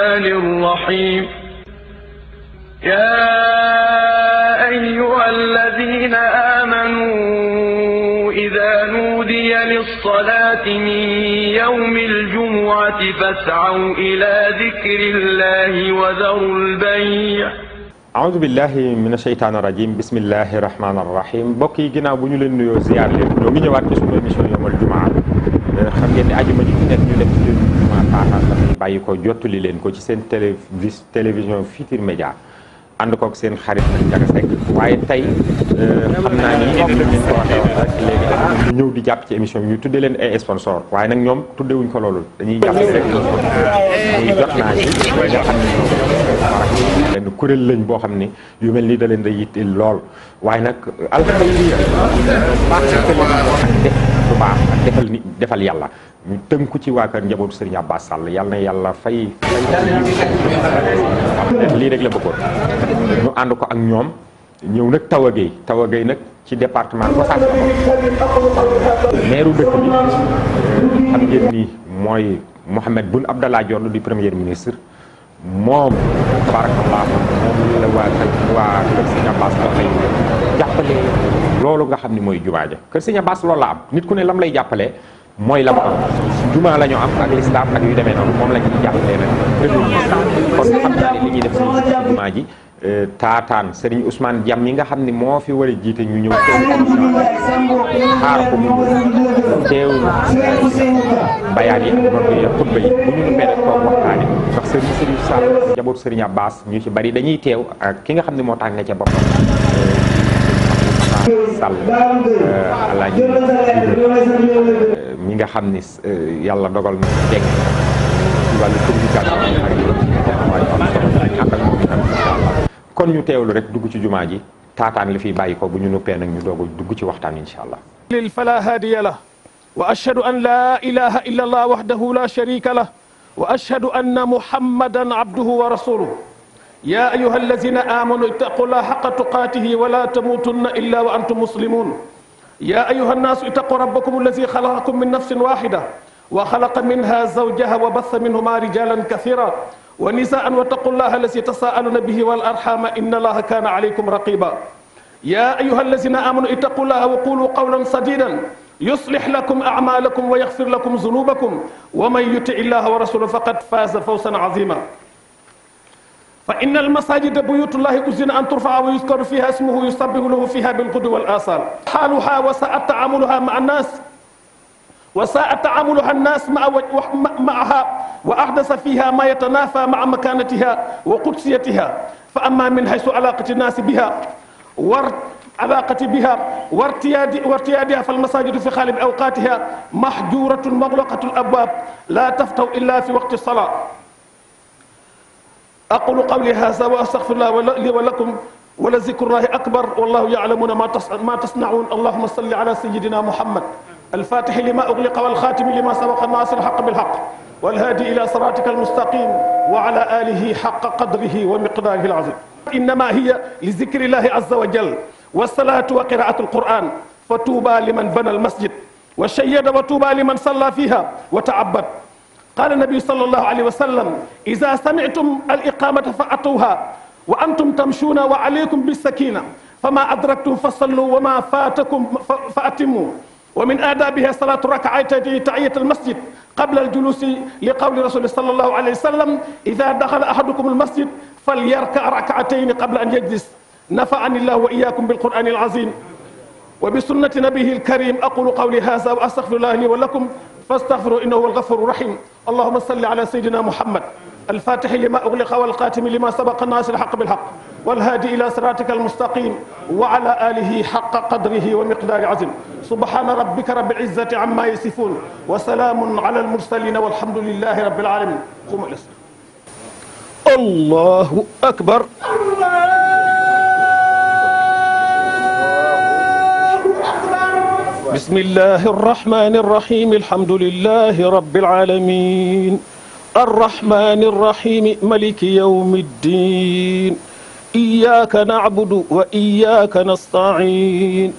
الرحمن الرحيم يا أيها الذين آمنوا إذا نودي للصلاة من يوم الجمعة فاسعوا إلى ذكر الله وذروا البيع أعوذ بالله من الشيطان الرجيم بسم الله الرحمن الرحيم بوكي جنا بو ñu leen nuyoo ziar leen ñoo ngi ñëwaat ci sunu émission yomal jumaa xam ngeen ne ajuma ji nekk ñu def bàyyi ko jottali leen ko ci seen télé télévision Futurs média ànd koog seen xarit nag Ndiaga Seck waaye tey euh, xam naa ni comme ni ko waxee rek léegi dañu ñëw jàpp ci émission bi ñu tuddee leen ay sponsor waaye ñoom tuddewuñ ko loolu dañuy jàpp rek jot naa ci nga xam ne benn kuréel lañ boo xam ne yu mel ni da leen da yitteel lool waaye nag alxayriya baax ak defal ni yàlla ñu tënku ci waa kër njabootu Serigne Abbas Sall na yàlla fay. lii rek la bëggoon ñu ànd ko ak ñoom ñëw nag Tawa Gueye Tawa Gueye nag ci département Gossas mooy Mohamed Boun Abdallah Dionne di premier ministre moom tabarakallah moom la waa kër waa kër Serigne jàppale. loolu nga xam ni mooy jumaa ja kër Serigne loolu la am nit ku ne lam lay jàppale. mooy la mu am jumaa la am ak lislaam ak yu demee noonu moom la ñuy jàppalee nag kon xam ne li ñuy def si jumaa ji euh, taataan sëriñ Ousmane jam mi nga xam ne moo fi war a jiite ñu ñëw xaar ko mu teewlu bayaan yi ak ñu ci bari dañuy teew ak ki nga xam ne moo tànn ca boppam Sall euh, alaaji nga xam ni euh, yàlla dogal na jeng ci wàllu communication ak yooyu am kon ñu teewlu rek dugg ci jumaa ji taataan li fiy bàyyi ko bu ñu nuppee nag ñu doog a dugg ci waxtaan incha allah lil fala haadiya la wa ashhadu an allah wahdahu la sharika lah wa ashhadu anna muhammadan abduhu wa rasuluhu ya ayuha allazina amanu ittaqu llaha haqqa tuqatihi wa la tamutunna illa wa antum muslimun يا أيها الناس اتقوا ربكم الذي خلقكم من نفس واحدة وخلق منها زوجها وبث منهما رجالا كثيرا ونساء واتقوا الله الذي تساءلون به والأرحام إن الله كان عليكم رقيبا يا أيها الذين آمنوا اتقوا الله وقولوا قولا سديدا يصلح لكم أعمالكم ويغفر لكم ذنوبكم ومن يطع الله ورسوله فقد فاز فوزا عظيما fa inna almasajida buyutullahi uzina an turfaa wa yuskaru fiha ismuhu yusabbihu lahu fiha bilgudu wal asal xaaluha wa saa taamuluha maa annaas wa saa taamuluha annaas maa maaha wa ahdasa fiha ma yatanafa maa makanatiha wa qudsiyatiha fa amma min haysu alaqati nnaasi biha war alaaqati biha wartiyaadi wartiyaadiha falmasajidu fi xaalibi awqaatiha mahjuratun maglaqatu alabwaab la taftahu illa fi waqti salaa aqulu qawli haaza wa astaghfirullaah lii wa lakum wa la zikrullaahi akbar wallaahu ya'lamuuna maa tasna'uun allaahumma salli alaa sayyidinaa Muhammad al-faatixi limaa ughliqa wal xaatimi limaa sabaqa naasiril haqqi bil haqq wal haadi ilaa siraatikal mustaqiim wa alaa aalihi haqqa qadrihi wa miqdaarihil aziim. innamaa hiya li zikrillaahi azza wa jalla wa salaatu wa qiraa'atul qur'aan fa tuubaa liman banal masjid wa shayyada wa tuubaa liman sallaa fiihaa wa ta'abbada قال النبي صلى الله عليه وسلم إذا سمعتم الإقامة فأتوها وأنتم تمشون وعليكم بالسكينة فما أدركتم فصلوا وما فاتكم فأتموا ومن آدابها صلاة ركعتي تحية المسجد قبل الجلوس لقول رسول صلى الله عليه وسلم إذا دخل أحدكم المسجد فليركع ركعتين قبل أن يجلس نفعني الله وإياكم بالقرآن العظيم وبسنة نبيه الكريم أقول قولي هذا وأستغفر الله لي ولكم فاستغفروا إنه هو الغفور الرحيم اللهم صل على سيدنا محمد الفاتح لما أغلق والقاتم لما سبق الناس الحق بالحق والهادي إلى صراطك المستقيم وعلى آله حق قدره ومقدار عزم سبحان ربك رب العزة عما يصفون وسلام على المرسلين والحمد لله رب العالمين قوم الله أكبر بسم الله الرحمن الرحيم الحمد لله رب العالمين الرحمن الرحيم ملك يوم الدين إياك نعبد وإياك نستعين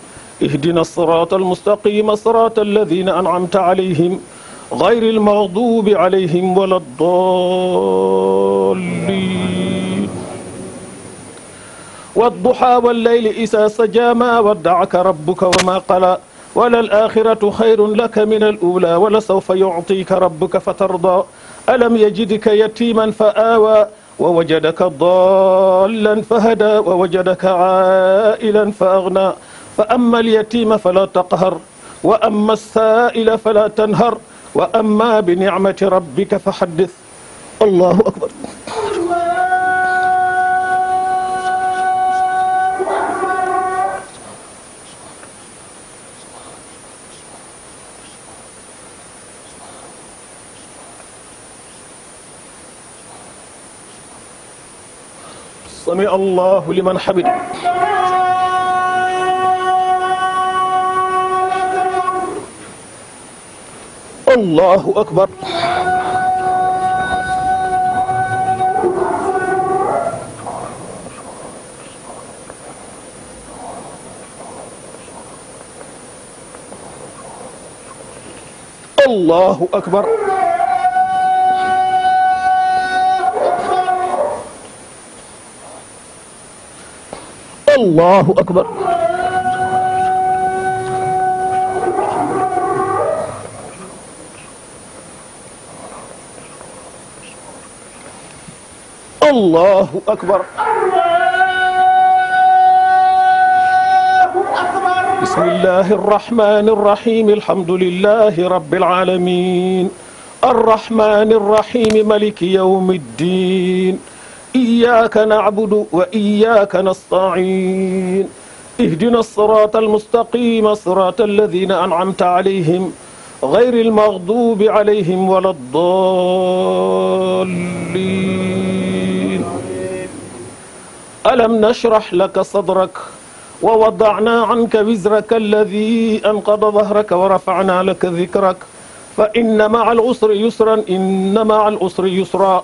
اهدنا الصراط المستقيم صراط الذين أنعمت عليهم غير المغضوب عليهم ولا الضالين والضحى والليل إذا سجى ما ودعك ربك وما قلى wala alaaxiratu xayrun laka min al ula wala sawfa yuctika rabbuka fa tarda alam yajidka yatiman fa aawa wa wajadaka dallan fa hada wa wajadaka caa'ilan fa agna fa amma alyatima fala taqhar wa amma alsaa'ila fala tanhar wa amma binicmati rabbika fa xaddis allahu akbar sami allahu liman hamida allahu akbar allahu akbar allahu akbar allahu akbar بسم الله الرحمن الرحيم الحمد لله رب العالمين الرحمن الرحيم ملك يوم الدين إياك نعبد وإياك نستعين اهدنا الصراط المستقيم صراط الذين أنعمت عليهم غير المغضوب عليهم ولا الضالين ألم نشرح لك صدرك ووضعنا عنك وزرك الذي أنقض ظهرك ورفعنا لك ذكرك فإن مع العسر يسرا إن مع العسر يسرا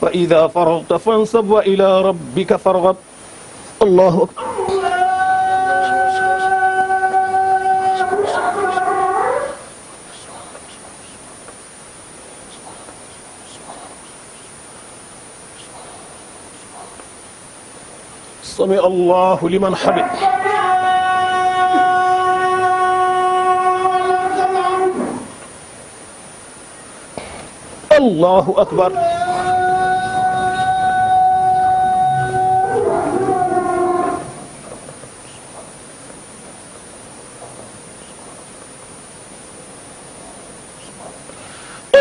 wa ida faragta fansab wa ila rabbika fargab allahu akbar sami allahu liman hamid allahu akbar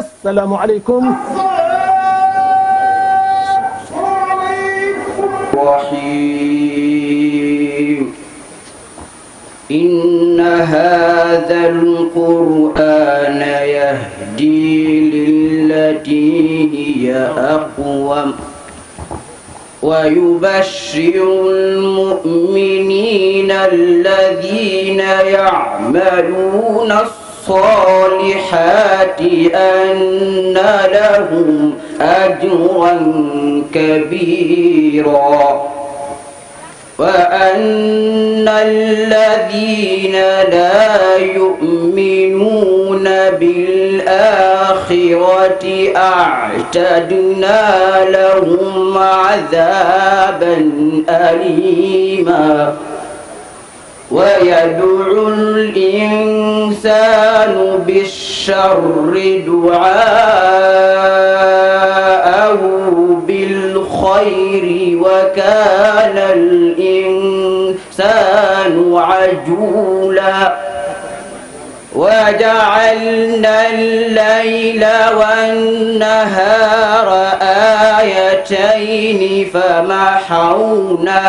asalaamualeykum الرحيم إن هذا القرآن يهدي للتي هي أقوم ويبشر المؤمنين الذين يعملون الصالحات الصالحات أن لهم أجرا كبيرا وأن الذين لا يؤمنون بالآخرة أعتدنا لهم عذابا أليماً ويدعو الإنسان بالشر دعاءه بالخير وكان الإنسان عجولا وجعلنا الليل والنهار آيتين فمحونا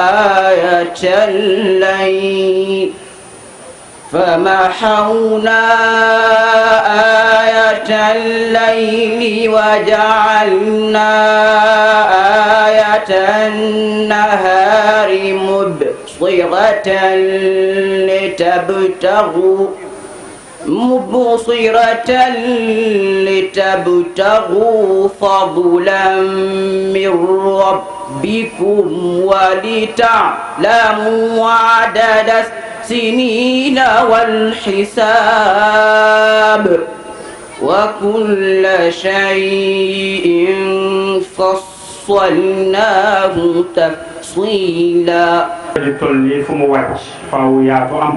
آية الليل فمحونا آية الليل وجعلنا آية النهار مبصرة مبصرة لتبتغوا مبصرة لتبتغوا فضلا من ربكم ولتعلموا عدد السنين والحساب وكل شيء فصلناه تفصيلا تفصيلا di toll nii fu mu wàcc faaw yaa ko am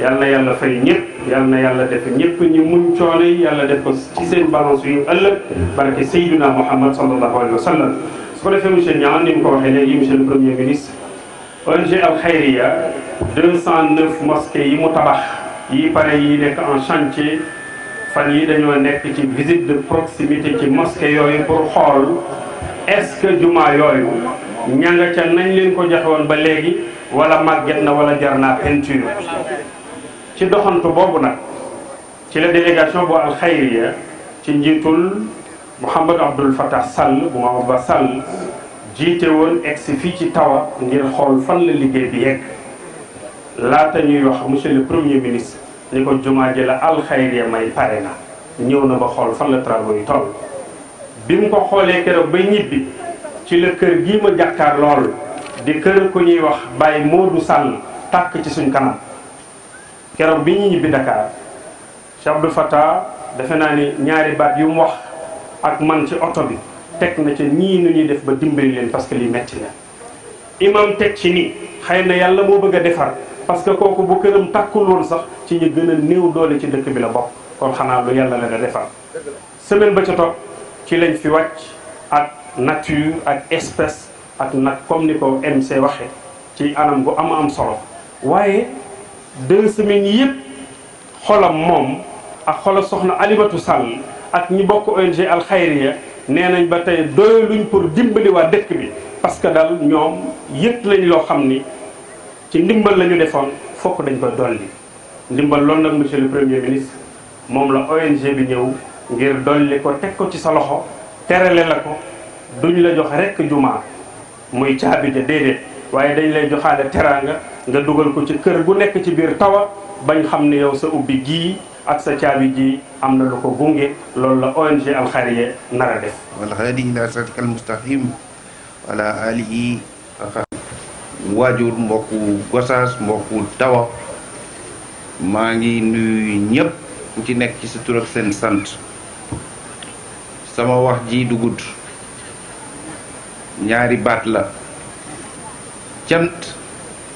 yal na yàlla fay ñëpp yal na yàlla def ñëpp ñu muñ coono yi yàlla def ko ci seen balance yu ëllëg barke Seydina Mouhamed sallallahu alayhi wa sallam su ko defee monsieur Niang ni mu ko waxee léegi monsieur le premier ministre ONG Al Khayriya 209 mosquées yi mu tabax yi pare yi nekk en chantier fan yi dañoo nekk ci visite de proximité ci mosquée yooyu pour xool est-ce que jumaa yooyu ñanga ca nañ leen ko joxe woon ba léegi wala màgget na wala jar naa peinture ci doxantu boobu nag ci la délégation bu alxayriya ci njiitul Mouhamadou Abdoul Fattah Sall bu Mouhamadou Sall jiite woon egsi fii ci tawa ngir xool fan la liggéey bi yegg laata ñuy wax monsieur le premier ministre ni ko jumaa ji la alxayriya may pare na ñëw na ba xool fan la travaux yi toll bi mu ko xoolee keroog ba ñibbi ci la kër gii ma jàkkaar lool di kër ku ñuy wax Baye Modou Sall tàkk ci suñ kanam keroog bi ñu ñibbi Dakar Cheikh Abdou Fatah defe naa ni ñaari baat yu wax ak man ci oto bi teg na ci ñi nu ñuy def ba dimbali leen parce que lii metti na imam teg ci ni xëy na yàlla moo bëgg a defar parce que kooku bu këram takkul woon sax ci ñu gën néew doole ci dëkk bi la bokk kon xanaa lu yàlla la da defar semaine ba ca topp ci lañ fi wàcc ak nature ak espèce ak nag comme ni ko MC waxe ci anam bu am am solo waaye deux semaines yëpp xolam moom ak xola soxna Alimatu Sall ak ñi bokk ONG Al nee nañ ba tey doyaluñ pour dimbali waa dëkk bi parce que daal ñoom yëpp lañ loo xam ni ci ndimbal lañu defoon fokk dañ ko dolli ndimbal loolu nag monsieur premier ministre moom la ONG bi ñëw ngir dolli ko teg ko ci sa loxo terale la ko duñ la jox rekk jumaa muy caabi ja déedéet waaye dañ lay joxaale teraanga nga dugal ko ci kër gu nekk ci biir tawa bañ xam ne yow sa ubbi gii ak sa caabi ji am na lu ko gunge loolu la ONG Al Khayriya nar def wal waajur mbokku Gossas mbokku tawa maa ngi nuyu ñëpp ku ci nekk ci sa seen sant sama wax ji du gudd ñaari baat la cant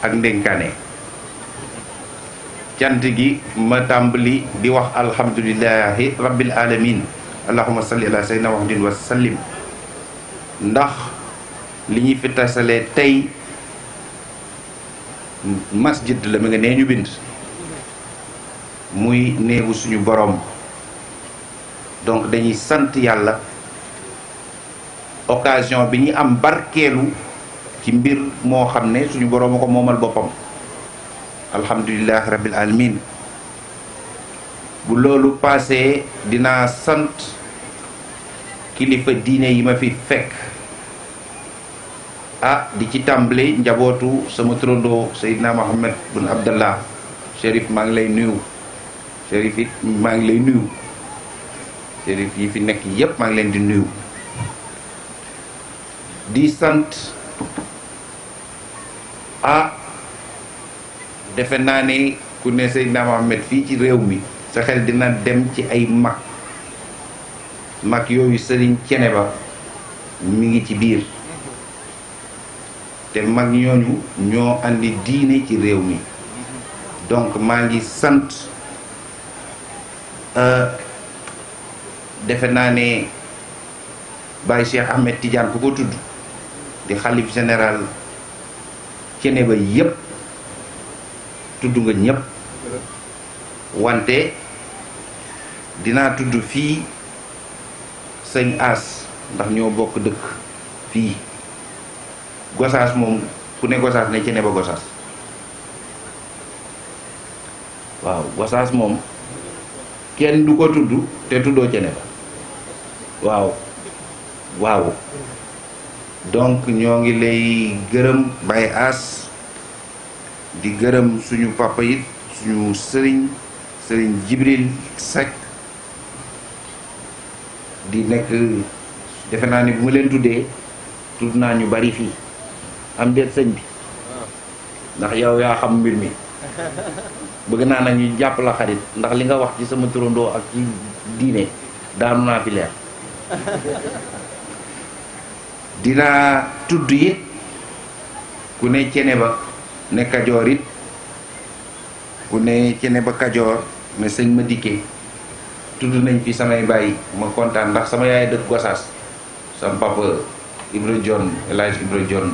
ak ndénkaane cant gi ma tàmbali di wax alhamdulilahi rabbil alamin allahuma salli ala wax muhammadin wa sallim ndax li ñuy fi tasalee tey masjid la mi nga nee ñu bind muy néegu suñu boroom donc dañuy sant yàlla occasion bi ñu am barkeelu ci mbir moo xam ne suñu boroom a ko moomal boppam alhamdulilah rabbil alamin bu loolu paasee dinaa sant kilifa diine yi ma fi fekk ah di ci tàmbali njabootu sama turandoo na Mohamed bun Abdallah Chérif maa ngi lay nuyu Chérif it maa ngi lay nuyu Chérif yi fi nekk yépp maa ngi leen di nuyu di sant a defe naa ne ku ne Seydina Mohamed fii ci réew mi sa xel dina dem ci ay mag mag yooyu sëriñ cene ba mu ngi ci biir te mag ñooñu ñoo andi diine ci réew mi donc maa ngi sant defe naa ne Baye Cheikh Ahmed Tidiane ku ko tudd di xalif général cene ba yépp tudd nga ñépp wante dinaa tudd fii sëñ As ndax ñoo bokk dëkk fii Gosaas moom ku ne Gosaas ne cene ba Gosaas waaw Gosaas moom kenn du ko tudd te tuddoo cene ba waaw waaw donc ñoo ngi lay gërëm Baye As di gërëm suñu papa it suñu sëriñ sëriñ Jibril Seck di nekk defe naa ni bu ma leen tuddee tudd naa ñu bari fii am déet sëñ bi ndax yow yaa xam mbir mi bëgg naa nag ñu jàpp la xarit ndax li nga wax ci sama turandoo ak ci diine daanu naa fi leer dinaa tudd yi ku ne cene ba ne kajoor it ku ne cene ba kajoor ne sëñ ma dikke tudd nañ fi samay bàyyi ma kontaan ndax sama yaay dëkk Gosaas sama papa Ibra Dione El Hadj Ibra Dione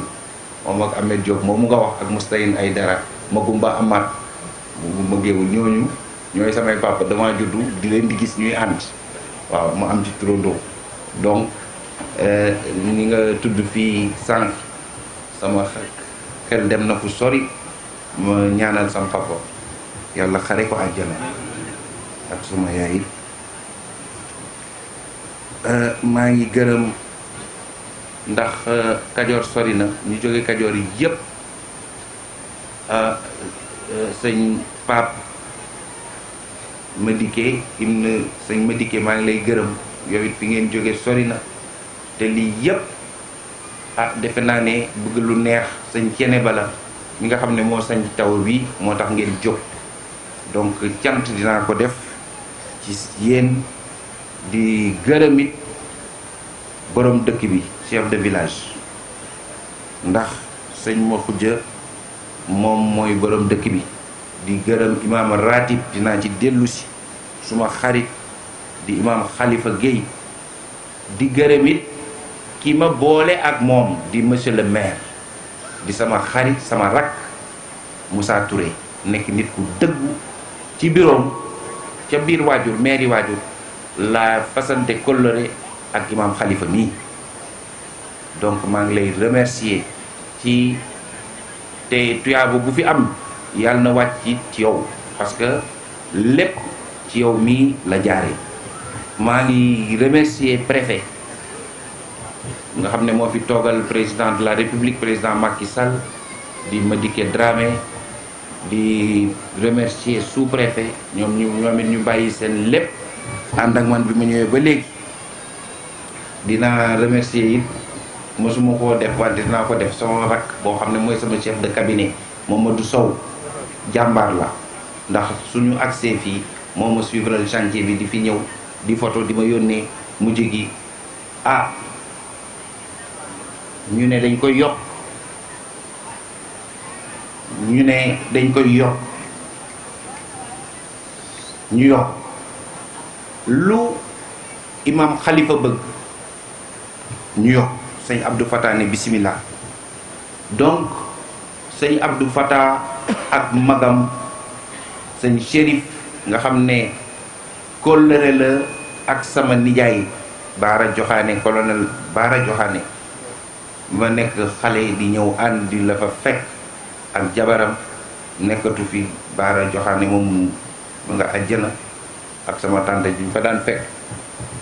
moom ak Ahmed Diop moom mu nga wax ak Mustayin ay dara ma gumba amaat ma géewul ñooñu ñooy samay papa dama juddu di leen di gis ñuy ànd waaw ma am ci turandoo donc Eh, ni nga tudd fii sànq sama xel dem na fu sori ma ñaanal sama papa yàlla xare ko àjjana ak suma yaay eh, maa ngi gërëm ndax eh, kajoor sori na ñu jóge kajoor yi yépp sëñ pap Madické im na sëñ Madické maa ngi lay gërëm yow it fi ngeen jóge sori na te lii yëpp ah defe naa ne bëgg lu neex sañ cene bala mi nga xam ne moo sañ taw wi moo tax ngeen jóg donc cant dinaa ko def ci yéen di gërëmit boroom dëkk bi chef de village ndax sëñ ma moom mooy borom dëkk bi di gërëm imaam ratib dinaa ci dellusi suma xarit di imaam xalifa Guèye di gërëm ki ma boole ak moom di monsieur le maire di sama xarit sama rakk Moussa Touré nekk nit ku dëggu ci biroom ca biir waajur maire yi waajur la fasante coloré ak imam xalifa nii donc maa ngi lay remercier ci te tuyaaba bu fi am yàlla na wàcc ci yow parce que lépp ci yow mii la jaare maa ngi remercier préfet nga xam ne moo fi toogal président de la république président makki Sall di ma Madické Dramé di remercier sous préfet ñoom ñu ñoom it ñu bàyyi seen lépp ànd ak man bi mu ñëwee ba léegi dina remercier it mosuma koo def wante dinaa ko def soo rakk boo xam ne mooy sama chef de cabinet du Sow jàmbaar la ndax suñu accès fii moo ma suivre chantier bi di fi ñëw di photo di ma yónnee mujj gi ah ñu ne dañ koy yokk ñu ne dañ koy yokk ñu yokk lu imam xalifa bëgg ñu yokk sëñ Abdou Fatah ne bismillah donc sëñ Abdou Fatah ak magam sëñ Chérif nga xam ne kóllëre la ak sama nijaay Baara Joxaane colonel Baara Joxaane ma nekk xale di ñëw ànd di la fa fekk ak jabaram nekkatu fi baara joxaane moom mu nga àjjana ak sama tante bi ñu fa daan fekk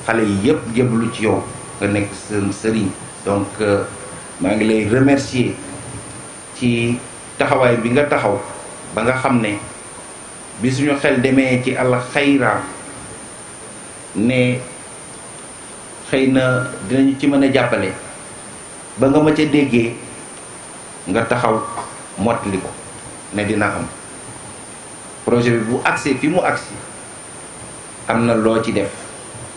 xale yi yëpp jébbalu ci yow nga nekk seen sëriñ donc euh, maa ngi lay remercier ci taxawaay bi nga taxaw ba nga xam ne bi suñu xel demee ci àll ne xëy na dinañu ci mën a jàppale ba nga ma ca déggee nga taxaw mottali ko ne dina am projet bi bu agsee fi mu agsi am na loo ci def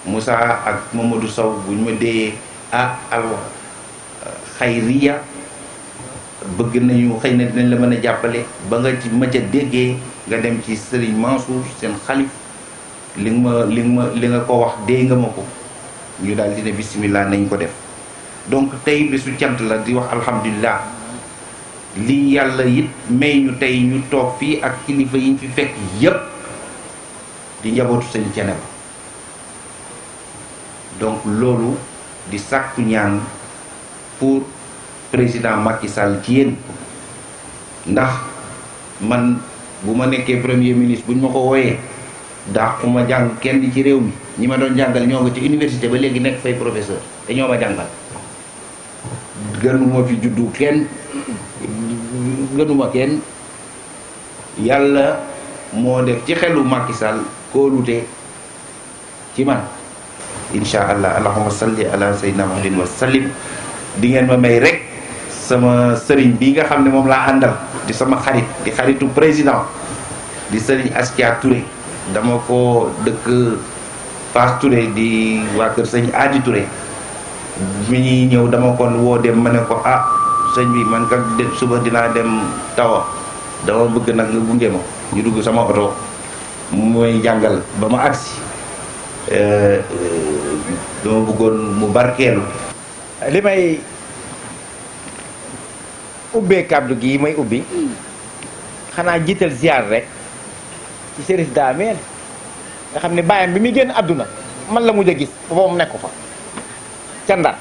Moussa ak Mamadou Sow bu ñu ma déyee ah al bëgg nañu xëy na dinañ la mën a jàppale ba nga ci ma déggee nga dem ci Serigne Mansour seen xalif li ma li ma li nga ko wax déy nga ma ko ñu daal di ne bismillah nañ ko def donc tey bésu cant la di wax alhamdulilah lii yàlla it may ñu tey ñu toog fii ak kilifa yiñ fi fekk yépp di njabootu seen cene ba donc loolu di sàkku ñaan pour président Macky Sall ci yéen ndax man bu ma nekkee premier ministre bu ñu ma ko wooyee dàquma jàng kenn ci réew mi ñi ma doon jàngal ñoo nga ci université ba léegi nekk fay professeur te ñoo ma jàngal gënuma fi juddu kenn gënuma kenn yàlla moo def ci xelu Macky Sall kóolute ci man insha allah allahuma salli ala sayyidina muhammadin wa sallim di ngeen ma may rek sama sëriñ bi nga xam ne moom laa àndal di sama xarit di xaritu président di sëriñ Askia Touré dama ko dëkk Fass Touré di waa kër sëñ Adi Touré bi ñuy ñëw dama kon woo dem ma ne ko ah sëñ bi man kat suba dinaa dem tawa dama bëgg nag nga gunge ma ñu dugg sama oto mooy jàngal ba ma agsi eh, eh, dama bëggoon mu barkeelu li may ubbee kàddu gi may ubbi xanaa jiital ziar rek ci Chérif Damel nga xam ne bàyyam bi muy génn àdduna man la mujj a gis boobu mu nekk fa ca Ndar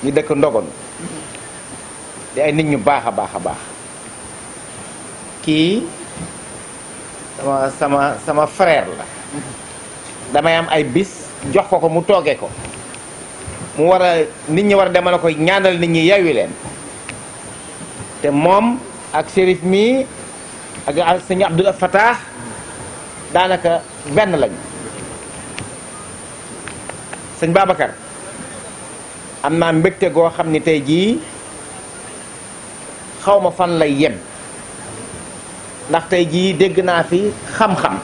ñu dëkk ndogon di ay nit ñu baax a baax a baax kii sama sama sama la damay am ay bis jox ko ko mu toogee ko mu war a nit ñi war a demal koy ñaanal nit ñi yeewi leen te moom ak shérif mii ak sëñ Abdul Fatah daanaka benn lañu sëñ Babacar am naa mbégte goo xam ni tey jii xaw ma fan lay yem ndax tey jii dégg naa fi xam-xam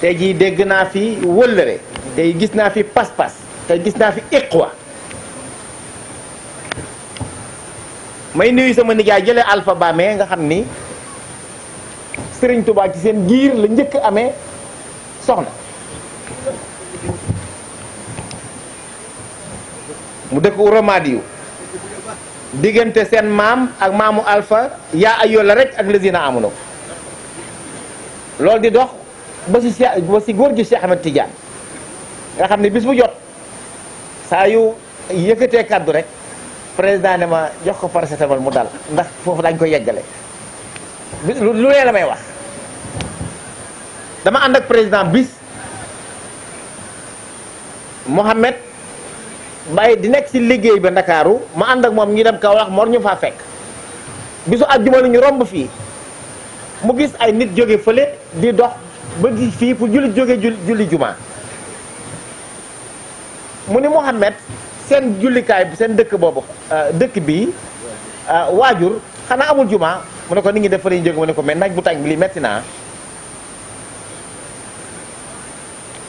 tey jii dégg naa fi wëllëre tey gis naa fi pas-pas tey gis naa fi wa may nuyu sama nijaay jële alpha bame nga xam ni Sëriñ Tuubaa ci seen giir la njëkk amee soxna mu dëkk Uramadiyu diggante seen maam ak maamu alpha yaa ay yolla rek ak lazina ko loolu di dox ba si ba si góor gi Cheikh Ahmed Tidiane nga xam ne bis bu jot saa yu yëkkatee kàddu rek président ne ma jox ko paracetamol mu dal ndax foofu dañ koy yeggale lu lee may wax dama ànd ak président bis Mohamed Mbaye di nekk ci liggéey bi ndakaaru ma ànd ak moom ngi dem Kaolack mor ñu faa fekk bisu àjjuma la ñu romb fii mu gis ay nit jóge fële di dox ba gis fii pour julli jóge julli juma mu ni Mouhamed seen jullikaay seen dëkk boobu euh, dëkk bii euh, waajur xanaa amul juma mu ne ko nit ngi def fële ñu jóge mu ne ko mais nag bu tàng bi li metti naa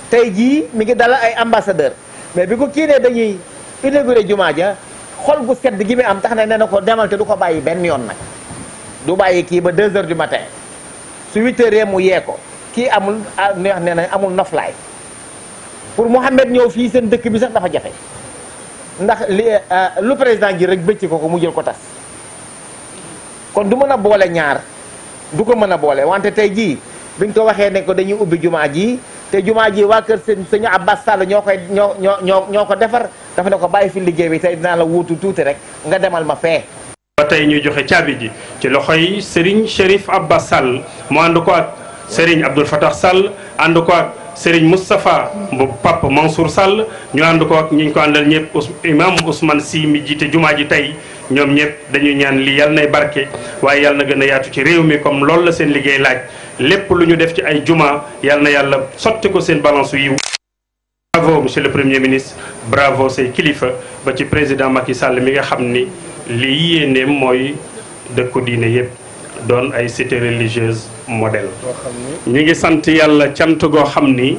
tey jii mi ngi dala ay ambassadeur mais bi ko kii nee dañuy inauguré jumaa ja xol gu sedd gi muy am tax na nee na ko demal te du ko bàyyi benn yoon nag du bàyyi kii ba 2 heures du matin su 8 heures mu yee ko kii amul neex nee na amul noflaay pour Mouhamed ñëw fii seen dëkk bi sax dafa jafe ndax li euh, lu président gi rek bëcc ko ko mu jël ko tas kon du mën a boole ñaar du ko mën a boole wante tey jii biñ ko waxee nekk ko dañuy ubbi jumaa ji te jumaa ji waa kër sëñ sëñ Abbas Sall ñoo koy ñoo ñoo ñoo ñoo ko defar dafa ne ko bàyyi fi liggéey bi tey dinaa la wuutu tuuti rek nga demal ma fee ba tey ñu joxe caabi ji ci loxoy Serigne Chérif Abbas Sall mu ànd ko ak Serigne Abdoul Fatah Sall ànd ko ak Serigne Moustapha bu Pape Mansour Sall ñu ànd ko ak ñu ko àndal ñëpp imam Ousmane Sy mi jiite jumaa ji tey ñoom ñëpp dañuy ñaan li yal nay barke waaye yal na gën a yaatu ci réew mi comme loolu la seen liggéey laaj lépp lu ñu def ci ay juma yal na yàlla sotti ko seen balance yiw bravo monsieur le premier ministre bravo say kilifa ba ci président Macky Sall mi nga xam ni li yéeneem mooy dëkku diine yëpp doon ay cité religieuse modèle ñu ngi sant yàlla cant goo xam ni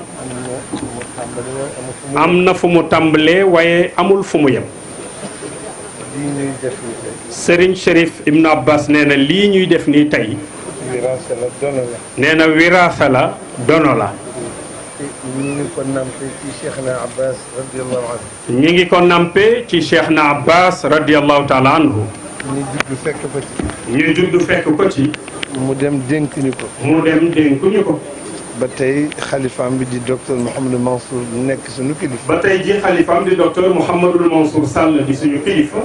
am na fu mu tàmbalee waaye amul fu mu yem Serigne Cherif Ibn Abbas nee na lii ñuy def nii tey. na wiraasa la dono la. ñu ngi ko nampé ci Cheikhna Abbas radiyallahu anhu. ñu ngi ko fekk ko ci. ñu judd fekk ko ci. mu dem dénkuñu ko. ko. ba tey xalifaam bi di docteur Mouhamadou Mansour nekk suñu kilifa. ba tey ji xalifaam di docteur Mouhamadou Mansour Sall di suñu kilifa.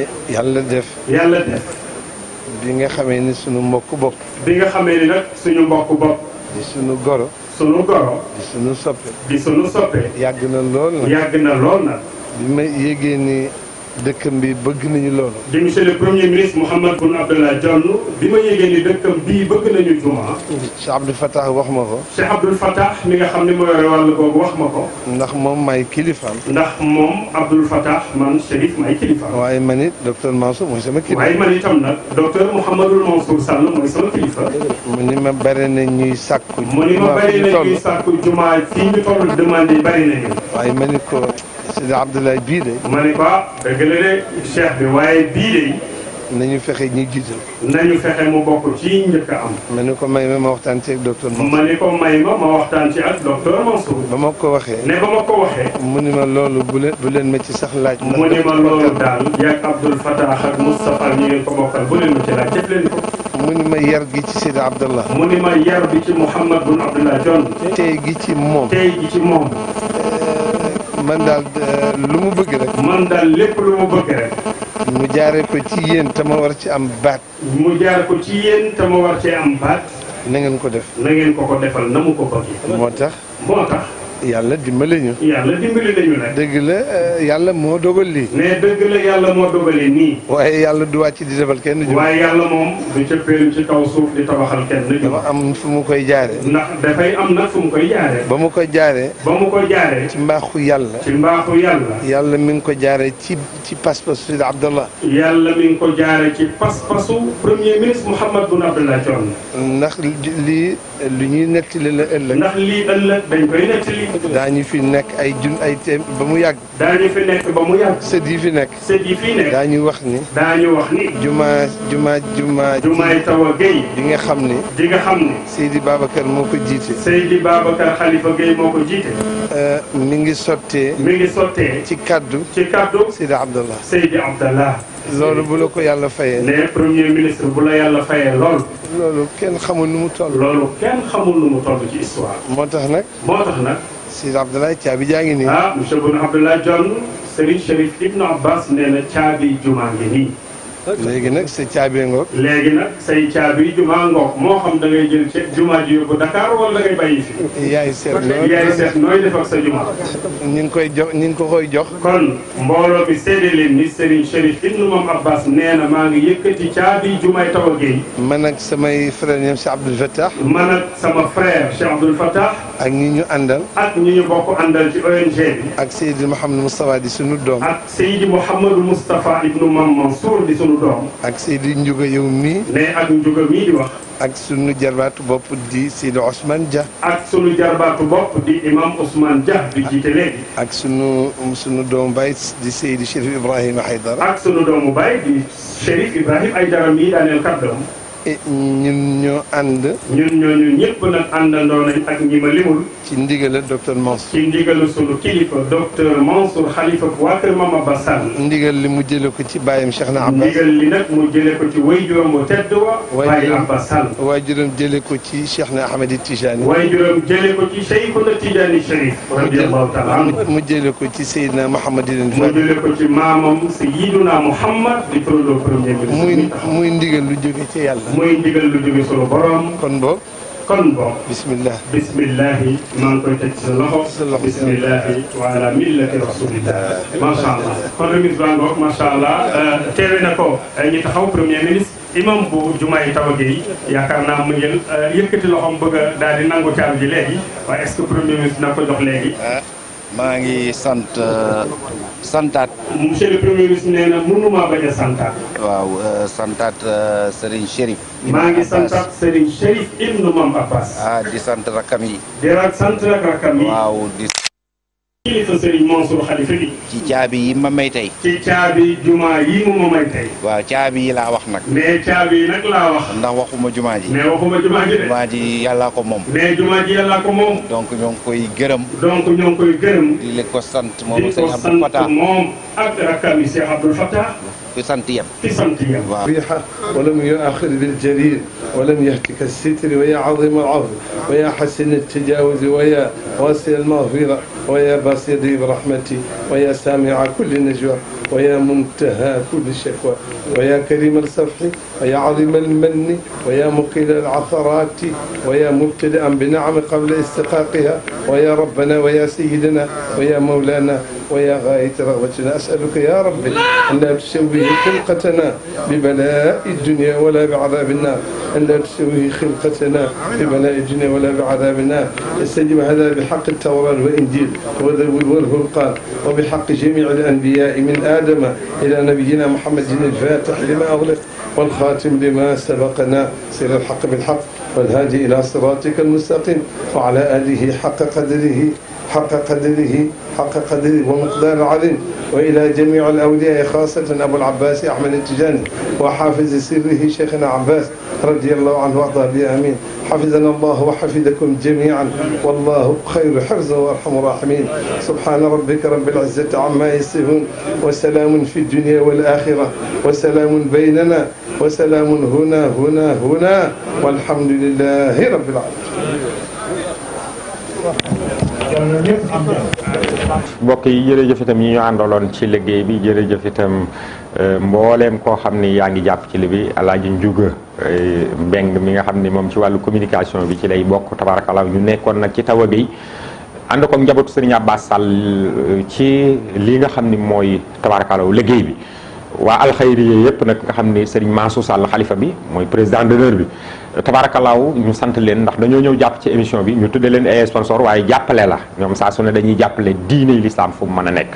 Eh, yàlla def. yàlla def. bi nga xamee ni suñu mbokk bopp. bi nga xamee ni suñu mbokk bopp. di suñu goro. suñu goro. di suñu na lool nag. yàgg na lool nag. bi ni. dëkkam bi bëgg nañu loolu. di monsieur le premier ministre Mouhamed Boun Abdallah Dionne bi ma yëgee ni dëkkam bëgg nañu jumaa. Cheikh Abdoul wax ma ko. Cheikh mi nga xam ndax moom may kilifaam. ndax moom may kilifaam. waaye man it mu ni ma bëri na ñuy sàkku. mu ni ma bëri na ñuy sàkku jumaa fii ñu toll demande yi bëri nañu. sëñ Abdoulaye bii de. ma ne ko ah, dëgg la de cheikh bi waaye bii de. nañu fexe ñu jiital. nañu fexe mu bokk ci njëkk a am. ma ne ko may ma ma waxtaan ci ak docteur Mansour. ma ne ko may ma ma waxtaan ci ak docteur Mansour. ba ma ko waxee. ne ba ma ko waxee. mu ni ma loolu bu leen bu leen ma ci sax laaj. mu ni ma loolu daal. yaag Abdoul Fatah ak Moustapha ñi ngeen ko bokkal bu leen ma ci laaj jëf leen ko. mu ni ma yar gi ci Sidi Abdallah. mu ni ma yar bi ci Mouhamad bun Abdallah John. tey gi ci moom. tey gi ci moom. man daal euh, lu mu bëgg rek. man daal lépp lu mu bëgg rek. mu jaare ko ci yéen te ma war ci am baat. mu jaar ko ci yéen te ma war ci am baat. na ngeen ko def. na ko ko defal na mu ko bëgg. moo tax moo tax. yàlla dimbali ñu. yàlla dimbali nañu nag. dëgg la eh, yàlla moo dogal lii. mais dëgg la yàlla moo dogalee nii. waaye yàlla du wàcc di defal kenn jub. waaye yàlla moom du cëppeelu ci kaw suuf di tabaxal kenn. dama am fu mu koy jaaree. dafay am nag fu mu koy jaaree. ba mu koy jaaree. ba mu ci mbaaxu yàlla. ci mbaaxu yàlla. mi ngi ko jaaree ci ci pas-pasu Sidi Abdallah. yàlla mi ci pas-pasu ministre Mouhamed Boun Abdallah Dionne. ndax lii lu ñuy nettali la ëllëg. daañu fi nekk ay jun ay ba mu yàgg. daañu fi nekk ba mu yàgg. yi fi nekk. sët yi wax ni. daañu wax ni. jumaa jumaa jumaa. jumaay Tawa Gueye. di nga xam ni. di nga xam ni. Seydi Babacar moo ko jiite. Seydi Babacar Khalifa Gueye moo ko jiite. Euh, mi ngi sottee. mi ci kaddu. ci kaddu. Seydi Abdallah. Seydi Abdallah. loolu bu la ko yàlla fayee. ne premier ministre bu la yàlla fayee lool. loolu kenn nu mu toll. loolu kenn xamul Sëñ Abdoulaye caabi jaa ngi nii. ah monsieur Boun Abdallah Dionne Serigne Cherif Ibn Abbas nee na caabi juma ngi nii. léegi nag sa caabi ngoog. léegi nag say caabi juma ngoog moo xam da ngay jël ca juma ji yóbbu Dakar wala da ngay bàyyi fi. yaay seet nooy yaay seet nooy def ak sa juma. ñu ngi koy jox ñu ngi ko koy jox. kon mbooloo bi seede leen ni Serigne Cherif Ibn moom Abbas nee na maa ngi yëkkati caabi jumay Tawa Gueye. man ak samay frère ñoom Cheikh Abdoul Fattah. man ak sama frère Cheikh Abdoul Fattah. ak ñi ñu àndal. ak ñi ñu bokk àndal ci ONG bi. ak Seydi Mouhamadou Moustapha di sunu doom. ak Seydi Mouhamadou Moustapha ibnu Mam Mansour di sunu doom. ak Seydi Ndiouga yow mii. ne ak Ndiouga mii di wax. ak sunu jarbaatu bopp di Seydi Ousmane Dia. ak sunu jarbaatu bopp di imam Ousmane Dia di jiite léegi. ak sunu sunu doomu baay di Seydi Chérif Ibrahima Aïdara. ak sunu doomu baay di Chérif Ibrahima Aïdara mii daaneel kàddoom. Eh, ñun ñoo ànd. ñun ñooñu ñëpp nag àndandoo nañ ak ñi ma limul. ci ndigal docteur Mansour. ci ndigal sunu kilifa docteur Mansour xalifa waa kër Mama Ba Sall. ndigal li mu jëlee ko ci bàyyam Cheikh na Abbas. ndigal li nag mu jëlee ko ci waajuram bu tedd wa. Baye Abbas Sall. waajuram jëlee ko ci Cheikh na Ahmed Tijani. waajuram jëlee ko ci Cheikhuna Tijani Cherif. radiyallahu taala anhu mu jëlee ko ci Seydina Mouhamad Ibn Fadil. mu jëlee ko ci maamam Seydina Mouhamad di premier ministre. muy muy ndigal lu jóge ci yàlla. muy ndigal lu jóge sunu borom. kon boog. kon boog. bismillah bismillahi maa ngi koy teg ci sa loxo. sa loxo bismillahi allah kon remise baa ngoog macha allah. Euh, teewe na ko euh, ñi taxaw premier ministre. imam bu jumaay tabax yi yaakaar naa mu jël euh, yëkkati loxoom bëgg a daal di nangu ji léegi waaye est premier ministre dina ko jox léegi. Ah. maa ngi sant euh, santaat. monsieur le premier ministre nee na mënuma bañ a santaat. waaw euh, euh, santaat Serigne Chérif. Ah, di sant rakam yi. di sant rakam kilifa sëriñ Mansour xalifa bi ci caabi yi ma may tey ci caabi jumaa yi mu ma may tey waaw caabi yi laa wax nag mais caabi yi nag laa wax ndax waxuma jumaa ji mais waxuma jumaa ji de jumaa ji yàllaa ko moom mais jumaa ji yàllaa ko moom donc ñoo ngi koy gërëm donc ñoo ngi koy gërëm di leen ko sant moom ak sëñ Abdou Fatah moom ak rakkam yi sëñ Abdou Fatah fi sant yem fi sant yem waaw riixa walam yuaxir bil jalil walam yahtika sitri wa ya azima al afw wa ya xasina tajawuzi wa ya wasil mafira ويا بصيري برحمتي ويا سامع كل نجوى ويا منتهى كل شكوى ويا كريم السفح ويا عظيم المن ويا مقيل العثرات ويا مبتدئا بنعم قبل استقاقها ويا ربنا ويا سيدنا ويا مولانا ويا غاية رغبتنا أسألك يا ربي أن لا تسوي خلقتنا ببلاء الدنيا ولا بعذاب النار أن لا تسوي خلقتنا ببلاء الدنيا ولا بعذاب النار استجب هذا بحق التوراة والإنجيل وذوي والفرقان وبحق جميع الأنبياء من آدم إلى نبينا محمد الفاتح لما أغلق والخاتم لما سبقنا سير الحق بالحق والهادي إلى صراطك المستقيم وعلى آله حق قدره حق قدره حق قدره ومقدار عظيم وإلى جميع الأولياء خاصة أبو العباس أحمد التجاني وحافظ سره شيخنا عباس رضي الله عنه وأرضاه بآمين حفظنا الله وحفظكم جميعا والله خير حرزا وأرحم الراحمين سبحان ربك رب العزة عما يصفون وسلام في الدنيا والآخرة وسلام بيننا وسلام هنا هنا هنا والحمد لله رب العالمين mbokk yi jërëjëf itam ñi ñu àndaloon ci liggéey bi jërëjëf itam euh, mbooleem koo xam ni yaa ngi jàpp ci li bi alaaji njuga euh, mbeng mi nga xam ni moom ci wàllu communication bi ci lay bokk tabaarakallaa ñu nekkoon nag ci tawa bi ànd ko njabootu sëriñ Abbas Sall euh, ci li nga xam ni mooy tabaarakallaa liggéey bi waa alxayri yëpp nag nga xam ni sëriñ Mansour Sall xalifa bi mooy président d'honneur bi tabaarakalaaw ñu sant leen ndax dañoo ñëw jàpp ci émission bi ñu tudde leen ay sponsor waaye jàppale la ñoom saa su dañuy jàppale diiney lislaam fu mu mën a nekk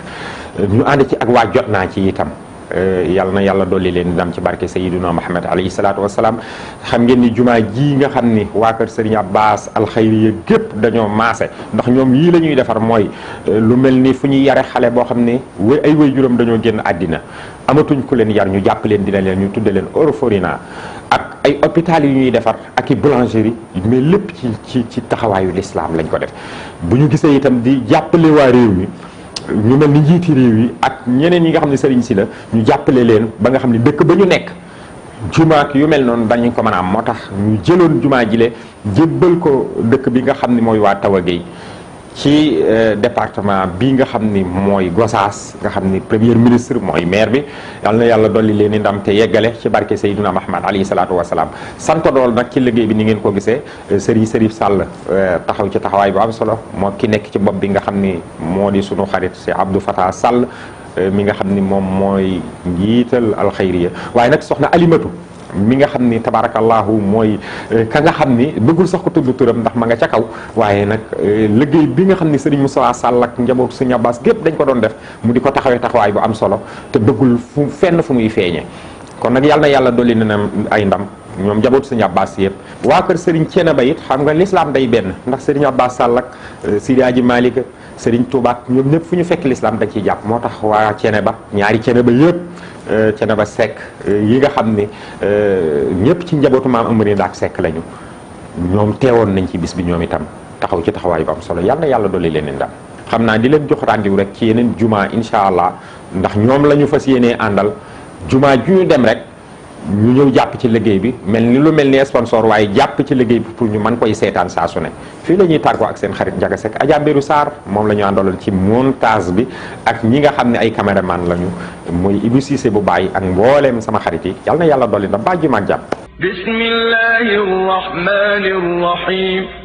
ñu ànd ci ak waa jot naa ci itam euh, yàlla na yàlla dolli leen dam ci barke Sayyiduna Muhammad alayhi salaatu wasalaam xam ngeen ni jumaa jii nga xam ni waa kër Serigne Abbas alxayriya gépp dañoo maase ndax ñoom yii la ñuy defar mooy euh, lu mel ni fu ñuy yare xale boo xam ne way ay juróom dañoo génn àddina amatuñ ku leen yar ñu jàpp leen dina leen ñu tudde leen Orphelinat ak ay hôpital yu ñuy defar ak i boulangerie lépp ci ci ci taxawaayu lislaam lañ ko def bu ñu gisee itam di jàppale waa réew mi ñu mel ni njiiti réew yi ak ñeneen yi nga xam ne sëriñ si la ñu jàppale leen ba nga xam ne dëkk ba ñu nekk jumaak yu mel noonu dañu ko mën a am moo tax ñu jëloon jumaa jile jébbal ko dëkk bi nga xam ne mooy waa Tawa Gueye ci euh, département bi nga xam ni mooy Gosaas nga xam ni premier ministre mooy mair bi yal na yàlla dolli leen i ndam te yeggale ci barke Seydina Muhammad alayhi salaatu wa salaam sant dool nag ci liggéey bi ni ngeen ko gisee euh, Serigne Serif Sall euh, taxaw ci taxawaay bu am solo moo ki nekk ci bopp bi nga xam ni moo di sunu xarit si Abdou Fatah Sall mi nga xam ni moom mooy njiital alxayriya waaye nag soxna Alimatu mi nga xam ni tabaarakallaahu mooy euh, ka nga xam ni bëggul sax ko tudd turam ndax ma nga ca kaw waaye nag euh, liggéey bi nga xam ni sëriñ Moussa Sall ak njabootu sëriñ Abbas gépp dañ ko doon def mu di ko taxawee taxawaay bu am solo te bëggul fu fenn fu muy feeñee kon nag yàlla na yàlla dolli na ay ndam ñoom njabootu sëriñ Abbas yëpp waa kër sëriñ Thiénaba it xam nga lislaam day benn ndax sëriñ ba Sall ak euh, Sidi Hadji Malick sëriñ Touba ñoom ñëpp fu ñu fekk lislaam dañ ciy jàpp moo tax waa Thiénaba ñaari Thiénaba yëpp Euh, ba sekk euh, yi nga xam ne euh, ñëpp ci njabootu maam Amary Ndaak sekk lañu ñoom teewoon nañ ci bis bi ñoom itam taxaw ci taxawaay bu am solo yàlla yàlla dolli leen ndam xam naa di leen jox rendez rek ci yeneen jumaa incha allah ndax ñoom la ñu fas yéenee àndal jumaa ju ñu dem rek. ñu ñëw jàpp ci liggéey bi mel ni lu mel ni sponsor waaye jàpp ci liggéey bi pour ñu mën koy seetaan saa su ne fii la ñuy tàggoo ak seen xarit Ndiaga Seck Adja Mbéru Sarr moom la ñu àndaloon ci montage bi ak ñi nga xam ne ay caméraman lañu muy Ibu Cissé bu bàyyi ak mbooleem sama xarit yi yal na yàlla dolli na bàjju maag jàpp bismillahi rahmani rahim